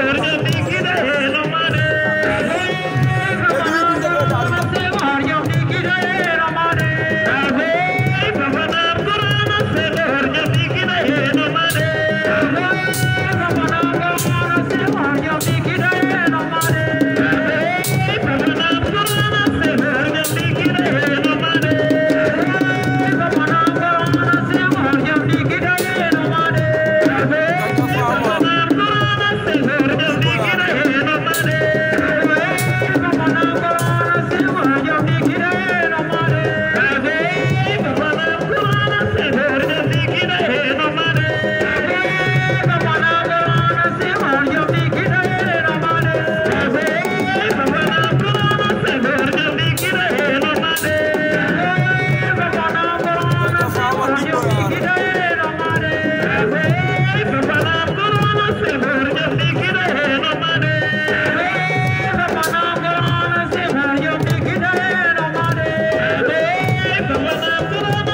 Her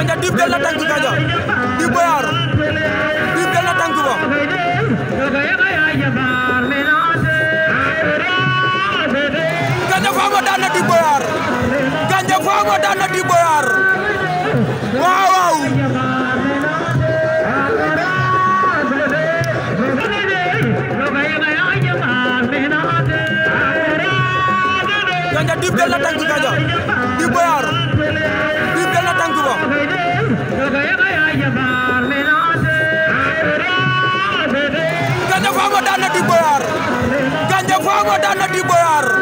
Gandia Dip jël na tànk Gandia Dip Boyar waaw Gandia Fama daan na Dibou Yar Gandia Fama daan na Dibou Yar